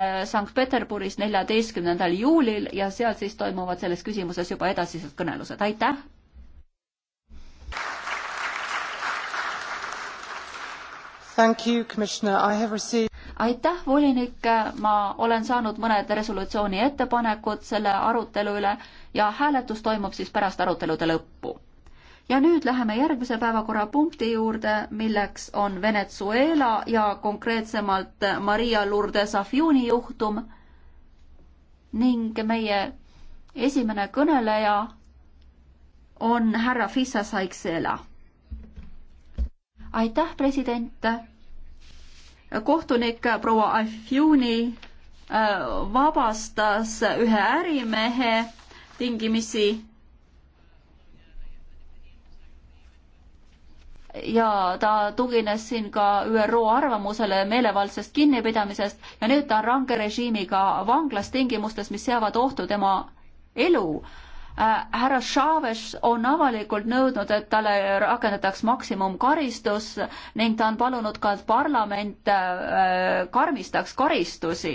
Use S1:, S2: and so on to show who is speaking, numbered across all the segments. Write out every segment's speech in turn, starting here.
S1: Äh, Sankt-Peterburis neljateistkümnendal juulil ja seal siis toimuvad selles küsimuses juba edasised kõnelused, aitäh! Received... aitäh, volinik, ma olen saanud mõned resolutsiooni ettepanekud selle arutelu üle ja hääletus toimub siis pärast arutelude lõppu ja nüüd läheme järgmise päevakorrapunkti juurde, milleks on Venezuela ja konkreetsemalt Maria Lourdes Afiuni juhtum ning meie esimene kõneleja on härra Fissa Saiksela. aitäh, president. kohtunik proua Afiuni äh, vabastas ühe ärimehe tingimisi ja ta tugines siin ka ÜRO arvamusele meelevaldsest kinnipidamisest ja nüüd ta on range režiimiga vanglas tingimustes, mis seavad ohtu tema elu. Äh, härra Chavez on avalikult nõudnud, et talle rakendataks maksimumkaristus ning ta on palunud ka, et parlament äh, karmistaks karistusi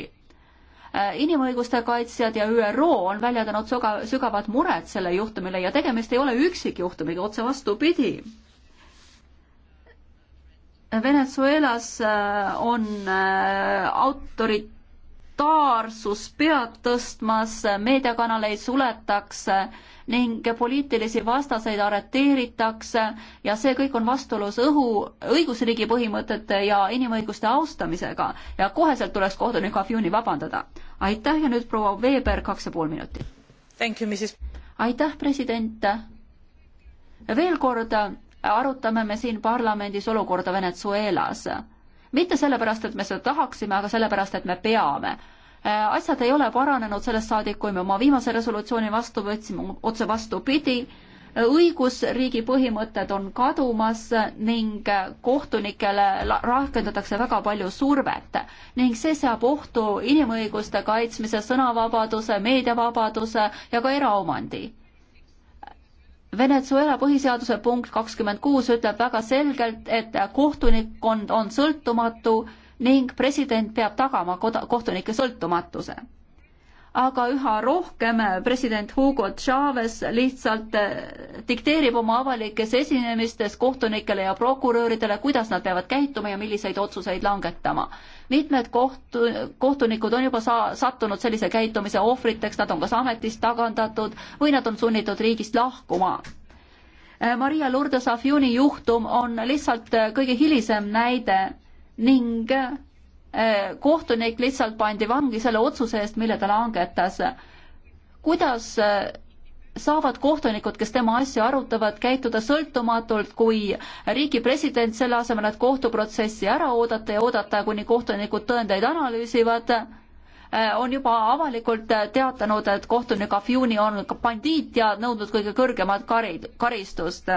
S1: äh, inimõiguste kaitsjad ja ÜRO on väljendanud sügavat muret selle juhtumile ja tegemist ei ole üksikjuhtumiga, otse vastupidi Venezuelas äh, on äh, autoritaarsus pead tõstmas, meediakanaleid suletakse ning poliitilisi vastaseid arreteeritakse ja see kõik on vastuolus õhu, õigusriigi põhimõtete ja inimõiguste austamisega ja koheselt tuleks kohtunik Afjuni vabandada. aitäh ja nüüd proua Veber, kaks ja pool minutit. aitäh, president. veel kord arutame me siin parlamendis olukorda Venezuelas. mitte sellepärast, et me seda tahaksime, aga sellepärast, et me peame. Äh, asjad ei ole paranenud sellest saadik, kui me oma viimase resolutsiooni vastu võtsime, otse vastupidi, õigusriigi põhimõtted on kadumas ning kohtunikele rakendatakse väga palju survet ning see seab ohtu inimõiguste kaitsmise, sõnavabaduse, meediavabaduse ja ka eraomandi Venezuela põhiseaduse punkt kakskümmend kuus ütleb väga selgelt, et kohtunikkond on sõltumatu ning president peab tagama kohtunike sõltumatuse aga üha rohkem president Hugo Chavez lihtsalt eh, dikteerib oma avalikes esinemistes kohtunikele ja prokuröridele, kuidas nad peavad käituma ja milliseid otsuseid langetama. mitmed kohtu, kohtunikud on juba sa-, sattunud sellise käitumise ohvriteks, nad on kas ametist tagandatud või nad on sunnitud riigist lahkuma eh, Maria Lourdes Afjuni juhtum on lihtsalt eh, kõige hilisem näide ning Äh, kohtunik lihtsalt pandi vangi selle otsuse eest, mille ta langetas. kuidas äh, saavad kohtunikud, kes tema asju arutavad, käituda sõltumatult, kui riigi president selle asemel, et kohtuprotsessi ära oodata ja oodata, kuni kohtunikud tõendeid analüüsivad, äh, on juba avalikult teatanud, et kohtunik Afjuni on bandiit ja nõudnud kõige kõrgemat karid, karistust.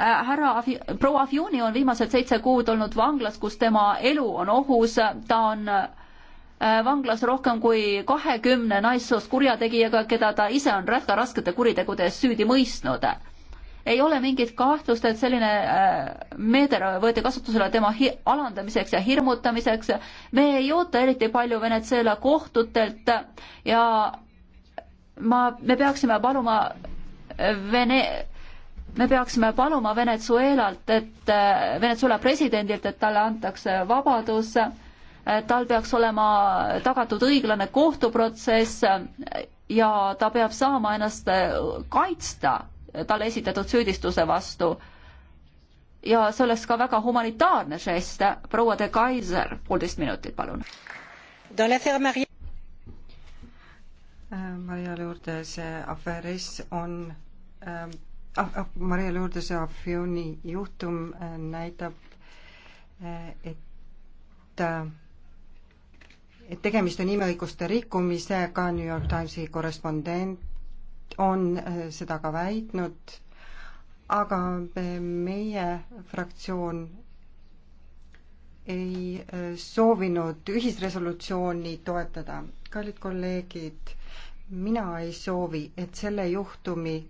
S1: Äh, härra Avi-, proua Avioni on viimased seitse kuud olnud vanglas, kus tema elu on ohus, ta on äh, vanglas rohkem kui kahekümne naissoost kurjategijaga, keda ta ise on väga raskete kuritegude eest süüdi mõistnud. ei ole mingit kahtlust, et selline äh, meede võeti kasutusele tema hi-, alandamiseks ja hirmutamiseks. me ei oota eriti palju Venezuela kohtutelt ja ma, me peaksime paluma Vene-, me peaksime paluma Venezuelalt, et Venezuela presidendilt, et talle antakse vabadus, tal peaks olema tagatud õiglane kohtuprotsess ja ta peab saama ennast kaitsta talle esitatud süüdistuse vastu. ja see oleks ka väga humanitaarne žest. proua de Kaiser, poolteist minutit, palun.
S2: Äh, Maria Lourdes äh, afääris on ähm, Ah, ah, Maria Lourdes Afioni juhtum äh, näitab, äh, et äh, et tegemist on inimõiguste rikkumisega, New York Timesi korrespondent on seda ka väitnud, aga meie fraktsioon ei soovinud ühisresolutsiooni toetada. kallid kolleegid, mina ei soovi, et selle juhtumi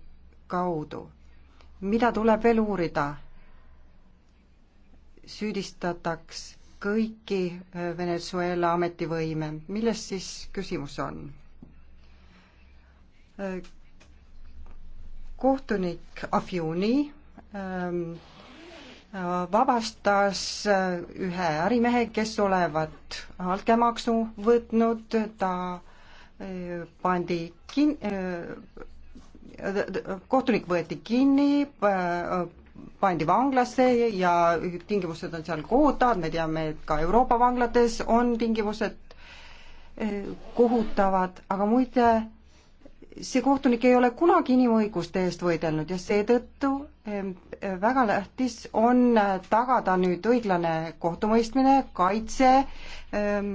S2: kaudu. mida tuleb veel uurida? süüdistataks kõiki äh, Venezuela ametivõime, milles siis küsimus on? Äh, kohtunik Afjuni ähm, äh, vabastas ühe ärimehe, kes olevat altkäemaksu võtnud, ta pandi kin-, kohtunik võeti kinni, pandi vanglasse ja tingimused on seal kohutavad, me teame, et ka Euroopa vanglates on tingimused eh, kohutavad, aga muide, see kohtunik ei ole kunagi inimõiguste eest võidelnud ja seetõttu eh, väga tähtis on tagada nüüd õiglane kohtumõistmine, kaitse ehm,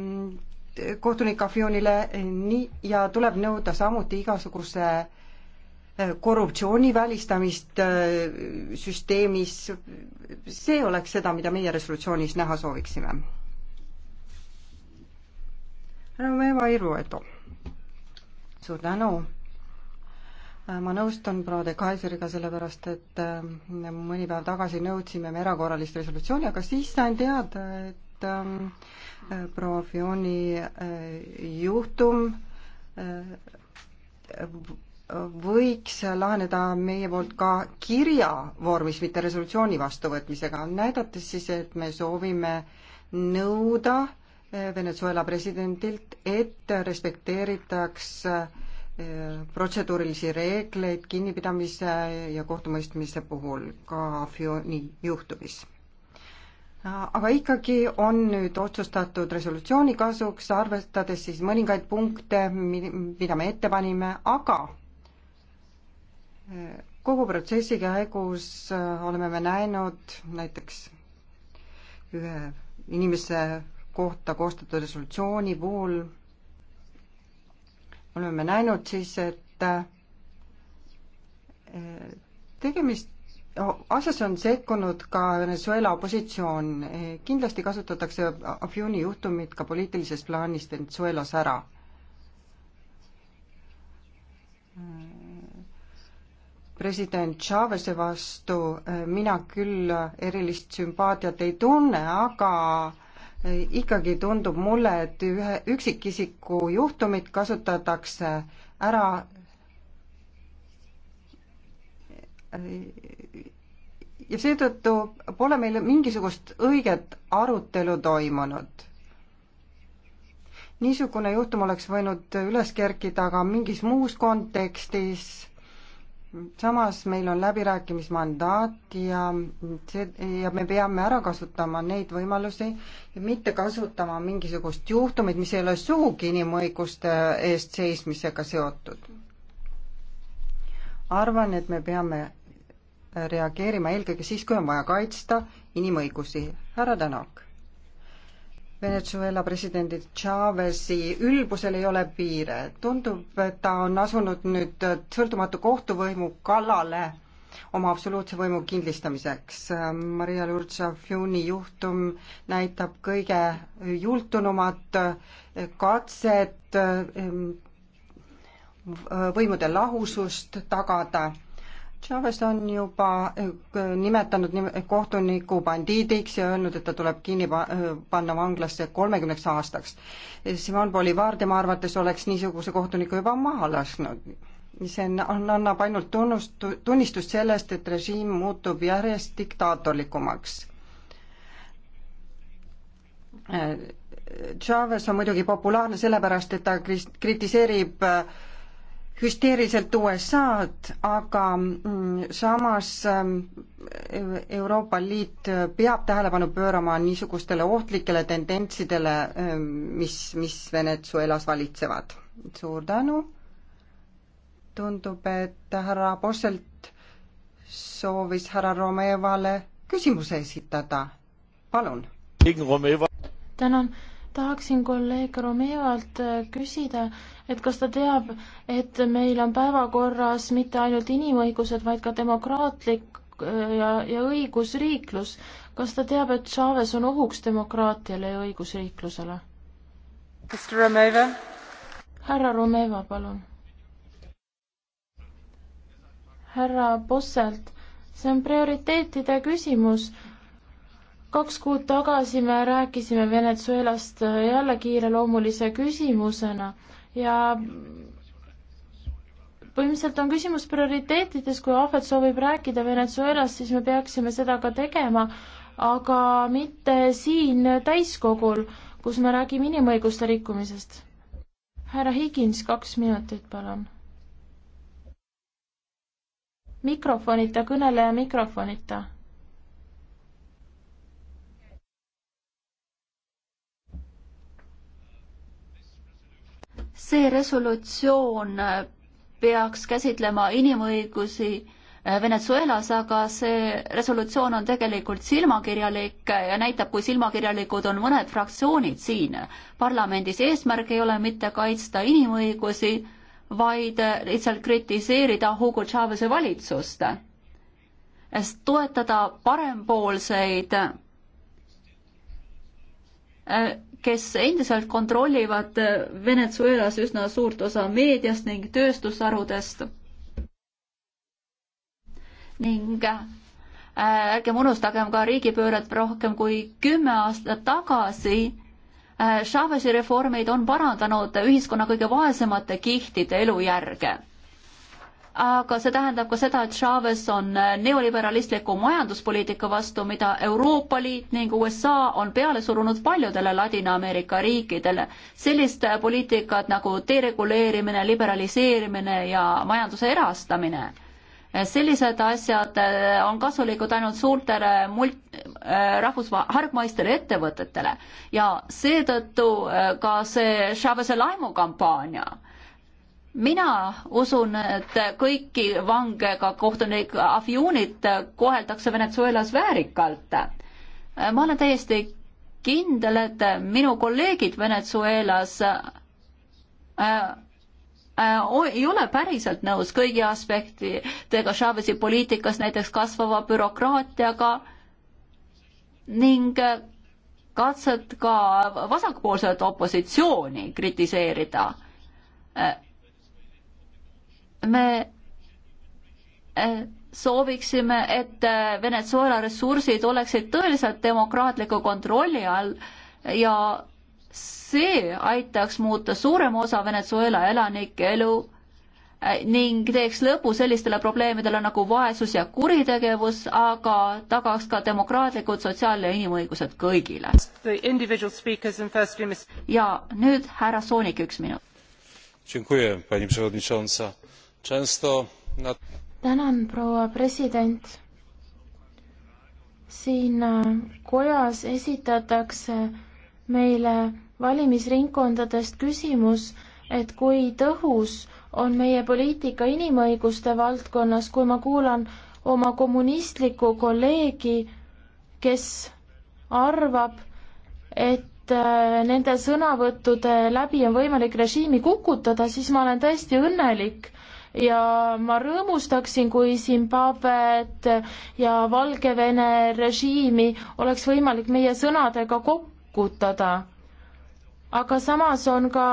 S2: kohtunik Afjonile nii ja tuleb nõuda samuti igasuguse korruptsiooni välistamist äh, süsteemis, see oleks seda, mida meie resolutsioonis näha sooviksime. härra Veeva Iruedu, suur tänu! Äh, ma nõustun proua de Kaiseriga, sellepärast et äh, mõni päev tagasi nõudsime me erakorralist resolutsiooni, aga siis sain teada, et ähm, proua Fioni juhtum võiks laheneda meie poolt ka kirja vormis, mitte resolutsiooni vastuvõtmisega, näidates siis, et me soovime nõuda eh, Venezuela presidendilt, et respekteeritaks eh, protseduurilisi reegleid kinnipidamise ja kohtumõistmise puhul ka Fioni juhtumis aga ikkagi on nüüd otsustatud resolutsiooni kasuks, arvestades siis mõningaid punkte, mida me ette panime, aga kogu protsessi käigus äh, oleme me näinud näiteks ühe inimese kohta koostatud resolutsiooni puhul oleme me näinud siis, et äh, tegemist, asjasse on sekkunud ka Venezuela opositsioon, kindlasti kasutatakse Afjuni juhtumit ka poliitilises plaanis Venezuelas ära. president Chavez'e vastu äh, mina küll erilist sümpaatiat ei tunne, aga äh, ikkagi tundub mulle, et ühe üksikisiku juhtumit kasutatakse ära äh, ja seetõttu pole meil mingisugust õiget arutelu toimunud. niisugune juhtum oleks võinud üles kerkida ka mingis muus kontekstis samas meil on läbirääkimismandaat ja see, ja me peame ära kasutama neid võimalusi, mitte kasutama mingisugust juhtumit, mis ei ole sugugi inimõiguste eest seismisega seotud. arvan, et me peame reageerima eelkõige siis, kui on vaja kaitsta inimõigusi. härra Tänak Venezuela presidendi Chavez'i ülbusel ei ole piire. tundub, et ta on asunud nüüd sõltumatu kohtuvõimu kallale oma absoluutse võimu kindlistamiseks. Maria Lurtšafjuni juhtum näitab kõige jultunumat katset ehm, võimude lahusust tagada Chavez on juba äh, nimetanud kohtuniku bandiidiks ja öelnud, et ta tuleb kinni äh, panna vanglasse kolmekümneks aastaks. Simon Bolivar tema arvates oleks niisuguse kohtuniku juba maha lasknud. see on, annab ainult tunnust, tunnistust sellest, et režiim muutub järjest diktaatorlikumaks. Äh, Chavez on muidugi populaarne sellepärast, et ta kritiseerib äh, hüsteeriliselt USA-d, aga mm, samas ähm, Euroopa Liit peab tähelepanu pöörama niisugustele ohtlikele tendentsidele, ähm, mis, mis Venezuelas valitsevad. suur tänu. tundub, et härra Posselt soovis härra Romevale küsimuse esitada. palun.
S3: tänan, tahaksin kolleeg Romevalt küsida, et kas ta teab, et meil on päevakorras mitte ainult inimõigused, vaid ka demokraatlik äh, ja, ja õigusriiklus. kas ta teab, et Chavez on ohuks demokraatiale ja õigusriiklusele? härra Romeva, palun. härra Posselt, see on prioriteetide küsimus kaks kuud tagasi me rääkisime Venezuelast jälle kiireloomulise küsimusena ja põhimõtteliselt on küsimus prioriteetides, kui Ahvet soovib rääkida Venezuelast, siis me peaksime seda ka tegema, aga mitte siin täiskogul, kus me räägime inimõiguste rikkumisest. härra Higins, kaks minutit, palun. mikrofonita, kõneleja mikrofonita
S1: see resolutsioon peaks käsitlema inimõigusi äh, Venezuelas, aga see resolutsioon on tegelikult silmakirjalik ja näitab, kui silmakirjalikud on mõned fraktsioonid siin parlamendis. eesmärk ei ole mitte kaitsta inimõigusi, vaid lihtsalt kritiseerida Hugo Chavez'e valitsust, äh, toetada parempoolseid äh, kes endiselt kontrollivad Venezuelas üsna suurt osa meediast ning tööstusharudest. ning äh, ärgem unustagem ka riigipööret rohkem kui kümme aastat tagasi. Äh, Chavez'i reformid on parandanud ühiskonna kõige vaesemate kihtide elujärge aga see tähendab ka seda, et Chavez on äh, neoliberalistliku majanduspoliitika vastu, mida Euroopa Liit ning USA on peale surunud paljudele Ladina-Ameerika riikidele. sellist äh, poliitikat nagu dereguleerimine, liberaliseerimine ja majanduse erastamine äh, sellised asjad on kasulikud ainult suurtele mult-, rahvusva-, hargmaistele ettevõtetele ja seetõttu ka see Chavez'e laimukampaania äh, mina usun, et kõiki vange, ka kohtunik Afjunit koheldakse Venezuelas väärikalt. ma olen täiesti kindel, et minu kolleegid Venezuelas äh, äh, ei ole päriselt nõus kõigi aspektidega Chavez'i poliitikas, näiteks kasvava bürokraatiaga ning katset ka vasakpoolset opositsiooni kritiseerida äh, me äh, sooviksime, et äh, Venezuela ressursid oleksid tõeliselt demokraatliku kontrolli all ja see aitaks muuta suurema osa Venezuela elanike elu äh, ning teeks lõpu sellistele probleemidele nagu vaesus ja kuritegevus, aga tagaks ka demokraatlikud sotsiaal- ja inimõigused kõigile. ja nüüd härra Soonik, üks minut tänan,
S3: proua president. siin äh, kojas esitatakse meile valimisringkondadest küsimus, et kui tõhus on meie poliitika inimõiguste valdkonnas, kui ma kuulan oma kommunistlikku kolleegi, kes arvab, et äh, nende sõnavõttude läbi on võimalik režiimi kukutada, siis ma olen tõesti õnnelik ja ma rõõmustaksin, kui Zimbabwet ja Valgevene režiimi oleks võimalik meie sõnadega kokkutada. aga samas on ka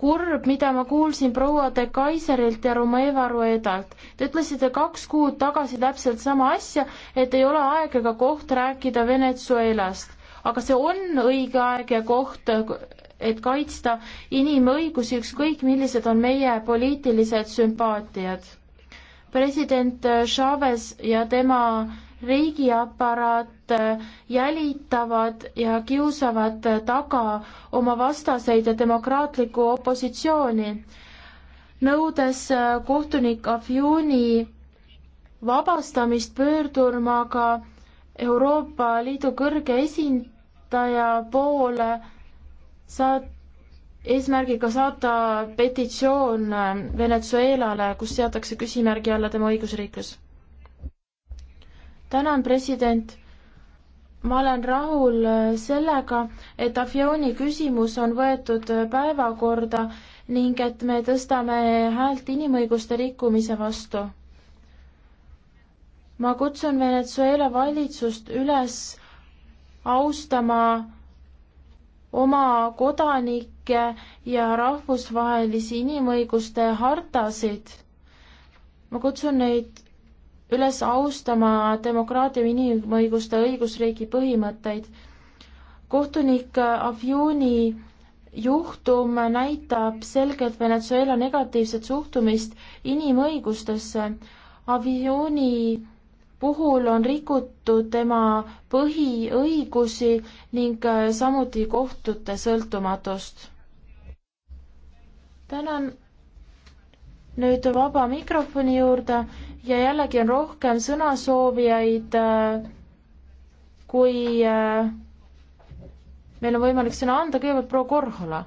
S3: kurb, mida ma kuulsin proua de Kaiserilt ja Romeva Ruedalt. Te ütlesite kaks kuud tagasi täpselt sama asja, et ei ole aeg ega koht rääkida Venezuelast. aga see on õige aeg ja koht et kaitsta inimõigusi, ükskõik millised on meie poliitilised sümpaatiad. president Chavez ja tema riigiaparaat jälitavad ja kiusavad taga oma vastaseid ja demokraatlikku opositsiooni, nõudes kohtunik Afjuni vabastamist pöördun ma ka Euroopa Liidu kõrge esindaja poole saat-, eesmärgiga saata petitsioon äh, Venezuelale, kus seatakse küsimärgi alla tema õigusriiklus. tänan, president. ma olen rahul äh, sellega, et Afjoni küsimus on võetud äh, päevakorda ning et me tõstame häält inimõiguste rikkumise vastu. ma kutsun Venezuela valitsust üles austama oma kodanikke ja rahvusvahelisi inimõiguste hartasid. ma kutsun neid üles austama demokraatia ja inimõiguste õigusriigi põhimõtteid. kohtunik Afjuni juhtum näitab selgelt Venezuela negatiivset suhtumist inimõigustesse. Avioni puhul on rikutud tema põhiõigusi ning äh, samuti kohtute sõltumatust. tänan nüüd vaba mikrofoni juurde ja jällegi on rohkem sõnasoovijaid äh, kui äh, meil on võimalik sõna anda, kõigepealt proua Korhola.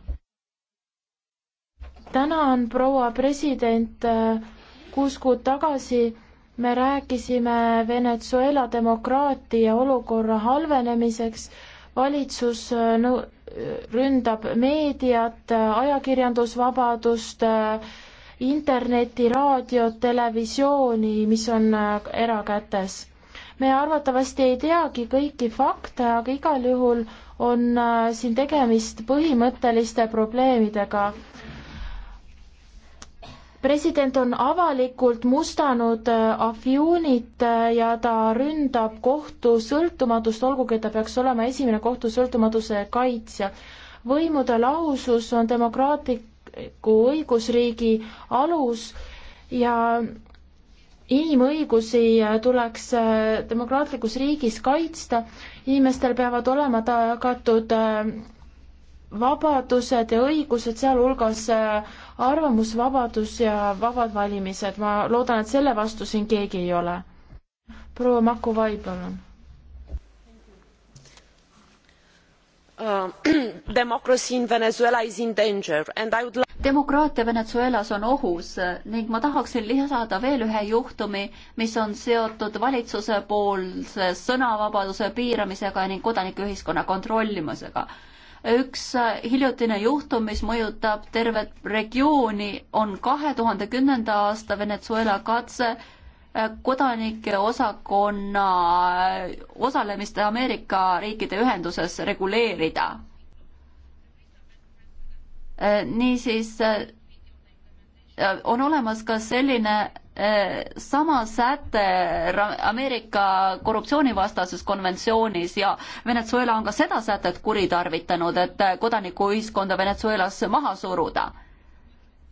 S3: tänan, proua president, kuus kuud tagasi me rääkisime Venezuela demokraatia olukorra halvenemiseks, valitsus äh, nõu-, ründab meediat, äh, ajakirjandusvabadust, äh, interneti, raadiot, televisiooni, mis on erakätes. me arvatavasti ei teagi kõiki fakte, aga igal juhul on siin tegemist põhimõtteliste probleemidega president on avalikult mustanud äh, afjuunit äh, ja ta ründab kohtu sõltumatust, olgugi et ta peaks olema esimene kohtu sõltumatuse kaitsja. võimude lahusus on demokraatliku õigusriigi alus ja inimõigusi äh, tuleks demokraatlikus riigis kaitsta, inimestel peavad olema tagatud vabadused ja õigused, sealhulgas äh, arvamusvabadus ja vabad valimised. ma loodan, et selle vastu siin keegi ei ole. proua Maku Vai, palun. Uh,
S1: demokraatia Venezuelas on ohus äh, ning ma tahaksin lisada veel ühe juhtumi, mis on seotud valitsuse poolse sõnavabaduse piiramisega ning kodanikuühiskonna kontrollimisega üks äh, hiljutine juhtum, mis mõjutab tervet regiooni, on kahe tuhande kümnenda aasta Venezuela katse äh, kodanike osakonna äh, osalemist Ameerika riikide ühenduses reguleerida. niisiis on olemas ka selline eh, sama säte Ameerika korruptsioonivastases konventsioonis ja Venezuela on ka seda sätet kuritarvitanud, et kodanikuühiskonda Venezuelas maha suruda.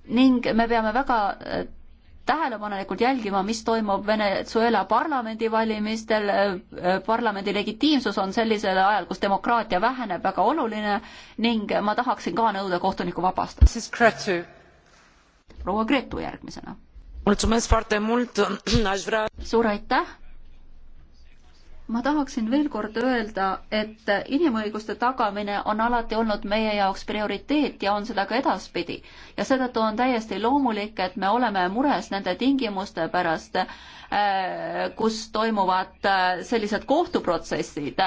S1: ning me peame väga eh, tähelepanelikult jälgima, mis toimub Venezuela parlamendivalimistel, eh, parlamendi legitiimsus on sellisel ajal, kus demokraatia väheneb, väga oluline ning ma tahaksin ka nõuda kohtuniku vabastamist proua Gretu järgmisena. suur aitäh! ma tahaksin veel kord öelda, et inimõiguste tagamine on alati olnud meie jaoks prioriteet ja on seda ka edaspidi. ja seetõttu on täiesti loomulik, et me oleme mures nende tingimuste pärast, eh, kus toimuvad eh, sellised kohtuprotsessid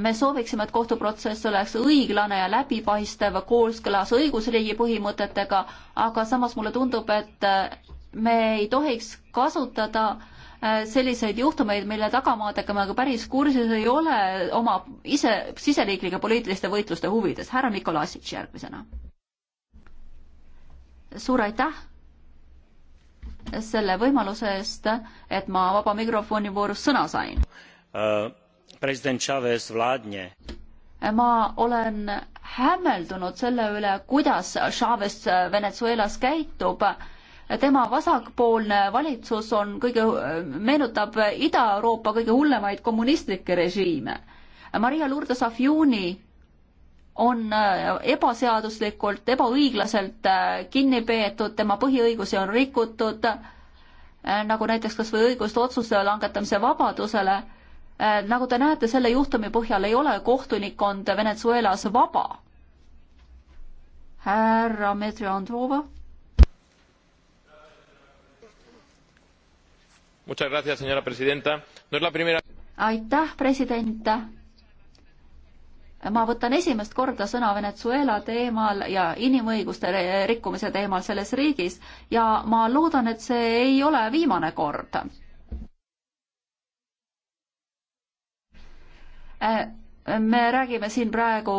S1: me sooviksime, et kohtuprotsess oleks õiglane ja läbipaistev, kooskõlas õigusriigi põhimõtetega, aga samas mulle tundub, et äh, me ei tohiks kasutada äh, selliseid juhtumeid, mille tagamaadega me aga päris kursis ei ole oma ise, siseriiklike poliitiliste võitluste huvides. härra Nikolasitš järgmisena. suur aitäh selle võimaluse eest, et ma vaba mikrofoni voorus sõna sain
S2: uh president Chavez vládne.
S1: ma olen hämmeldunud selle üle, kuidas Chavez Venezuelas käitub tema vasakpoolne valitsus on kõige, meenutab Ida-Euroopa kõige hullemaid kommunistlikke režiime. Maria Lourdes Afjuni on ebaseaduslikult, ebaõiglaselt kinni peetud, tema põhiõigusi on rikutud, nagu näiteks kas või õigust otsuse langetamise vabadusele Äh, nagu te näete, selle juhtumi põhjal ei ole kohtunikkond Venezuelas vaba.
S2: härra
S1: Dmitri Androva. aitäh, president ma võtan esimest korda sõna Venezuela teemal ja inimõiguste rikkumise teemal selles riigis ja ma loodan, et see ei ole viimane kord Äh, me räägime siin praegu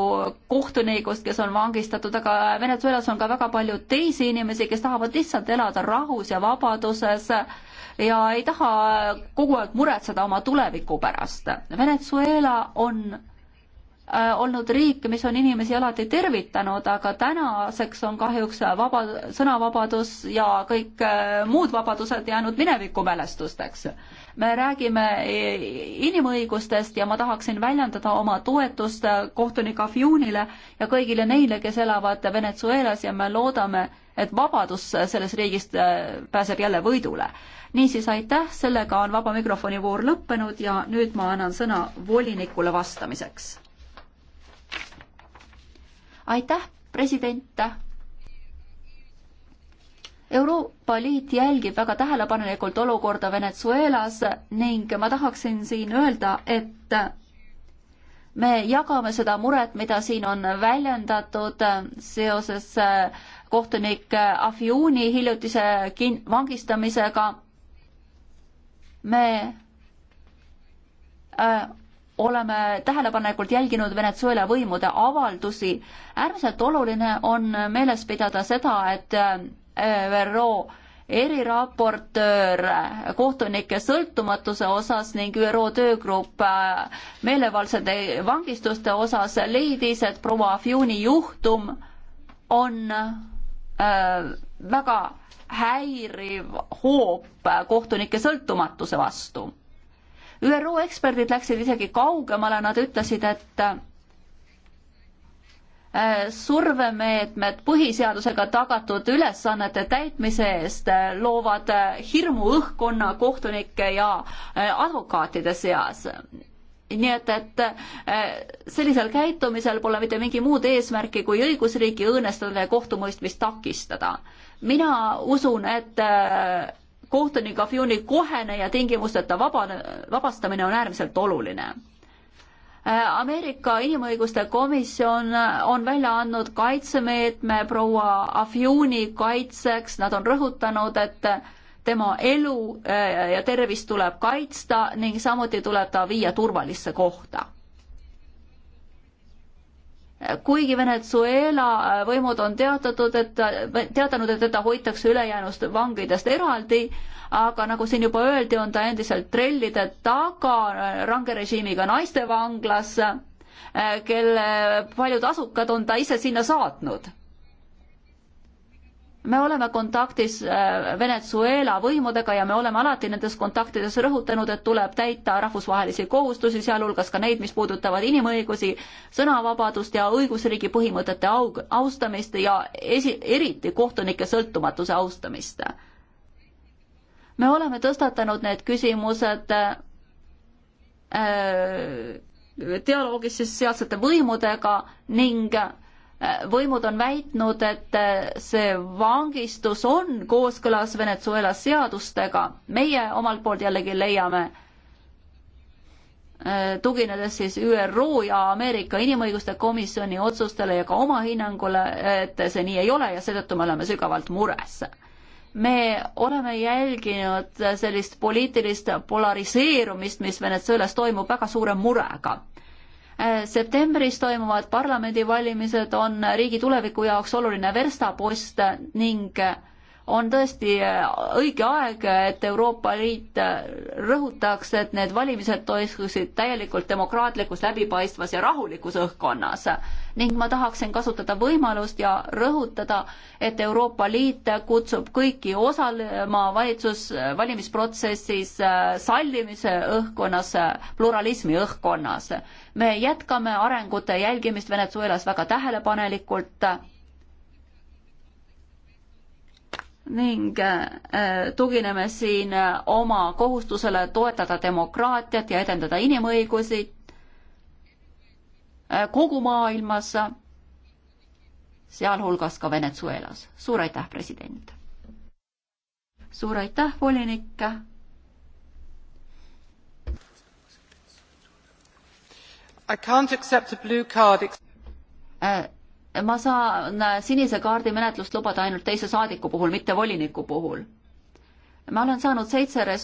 S1: kohtunikust, kes on vangistatud, aga Venezuelas on ka väga palju teisi inimesi, kes tahavad lihtsalt elada rahus ja vabaduses ja ei taha kogu aeg muretseda oma tuleviku pärast. Venezuela on Äh, olnud riik, mis on inimesi alati tervitanud, aga tänaseks on kahjuks vaba, sõnavabadus ja kõik äh, muud vabadused jäänud minevikumälestusteks. me räägime e, inimõigustest ja ma tahaksin väljendada oma toetust äh, kohtunik Afjunile ja kõigile neile, kes elavad Venezuelas ja me loodame, et vabadus sellest riigist pääseb jälle võidule. niisiis, aitäh, sellega on vaba mikrofoni voor lõppenud ja nüüd ma annan sõna volinikule vastamiseks aitäh, president. Euroopa Liit jälgib väga tähelepanelikult olukorda Venezuelas ning ma tahaksin siin öelda, et me jagame seda muret, mida siin on väljendatud seoses äh, kohtunik Afiuni hiljutise kin-, vangistamisega. me äh, oleme tähelepanelikult jälginud Venezuela võimude avaldusi. äärmiselt oluline on meeles pidada seda, et äh, ÜRO eriraportöör kohtunike sõltumatuse osas ning ÜRO töögrupp äh, meelevaldsete vangistuste osas leidis, et proua Fjuni juhtum on äh, väga häiriv hoop kohtunike sõltumatuse vastu ÜRO eksperdid läksid isegi kaugemale, nad ütlesid, et äh, survemeetmed põhiseadusega tagatud ülesannete täitmise eest äh, loovad äh, hirmuõhkkonna kohtunike ja advokaatide seas nii et, et sellisel käitumisel pole mitte mingi muud eesmärki kui õigusriiki õõnestada ja kohtumõistmist takistada. mina usun, et kohtunik Afjuni kohene ja tingimusteta vaba, vabastamine on äärmiselt oluline. Äh, Ameerika Inimõiguste Komisjon äh, on välja andnud kaitsemeetme proua Afjuni kaitseks, nad on rõhutanud, et äh, tema elu ja tervist tuleb kaitsta ning samuti tuleb ta viia turvalisse kohta kuigi Venezuela võimud on teatatud, et, teatanud, et teda hoitakse ülejäänust vangidest eraldi, aga nagu siin juba öeldi, on ta endiselt trellide taga range režiimiga naistevanglas, kelle paljud asukad on ta ise sinna saatnud me oleme kontaktis äh, Venezuela võimudega ja me oleme alati nendes kontaktides rõhutanud, et tuleb täita rahvusvahelisi kohustusi, sealhulgas ka neid, mis puudutavad inimõigusi, sõnavabadust ja õigusriigi põhimõtete aug-, austamist ja esi-, eriti kohtunike sõltumatuse austamist. me oleme tõstatanud need küsimused äh, dialoogis siis sealsete võimudega ning äh, võimud on väitnud, et eh, see vangistus on kooskõlas Venezuela seadustega. meie omalt poolt jällegi leiame, eh, tuginedes siis ÜRO ja Ameerika Inimõiguste Komisjoni otsustele ja ka oma hinnangule, et see nii ei ole ja seetõttu me oleme sügavalt mures. me oleme jälginud sellist poliitilist polariseerumist, mis Venezuelas toimub väga suure murega Äh, septembris toimuvad parlamendivalimised on riigi tuleviku jaoks oluline verstapost ning on tõesti äh, õige aeg, et Euroopa Liit äh, rõhutaks, et need valimised toimusid täielikult demokraatlikus, läbipaistvas ja rahulikus õhkkonnas. ning ma tahaksin kasutada võimalust ja rõhutada, et Euroopa Liit kutsub kõiki osalema valitsus, äh, valimisprotsessis sallimise õhkkonnas, pluralismi õhkkonnas. me jätkame arengute jälgimist Venezuelas väga tähelepanelikult ning äh, tugineme siin äh, oma kohustusele toetada demokraatiat ja edendada inimõigusi äh, kogu maailmas, sealhulgas ka Venezuelas. suur aitäh, president! suur aitäh, volinik! I can't accept a blue card ma saan äh, sinise kaardi menetlust lubada ainult teise saadiku puhul, mitte voliniku puhul. ma olen saanud seitse res-,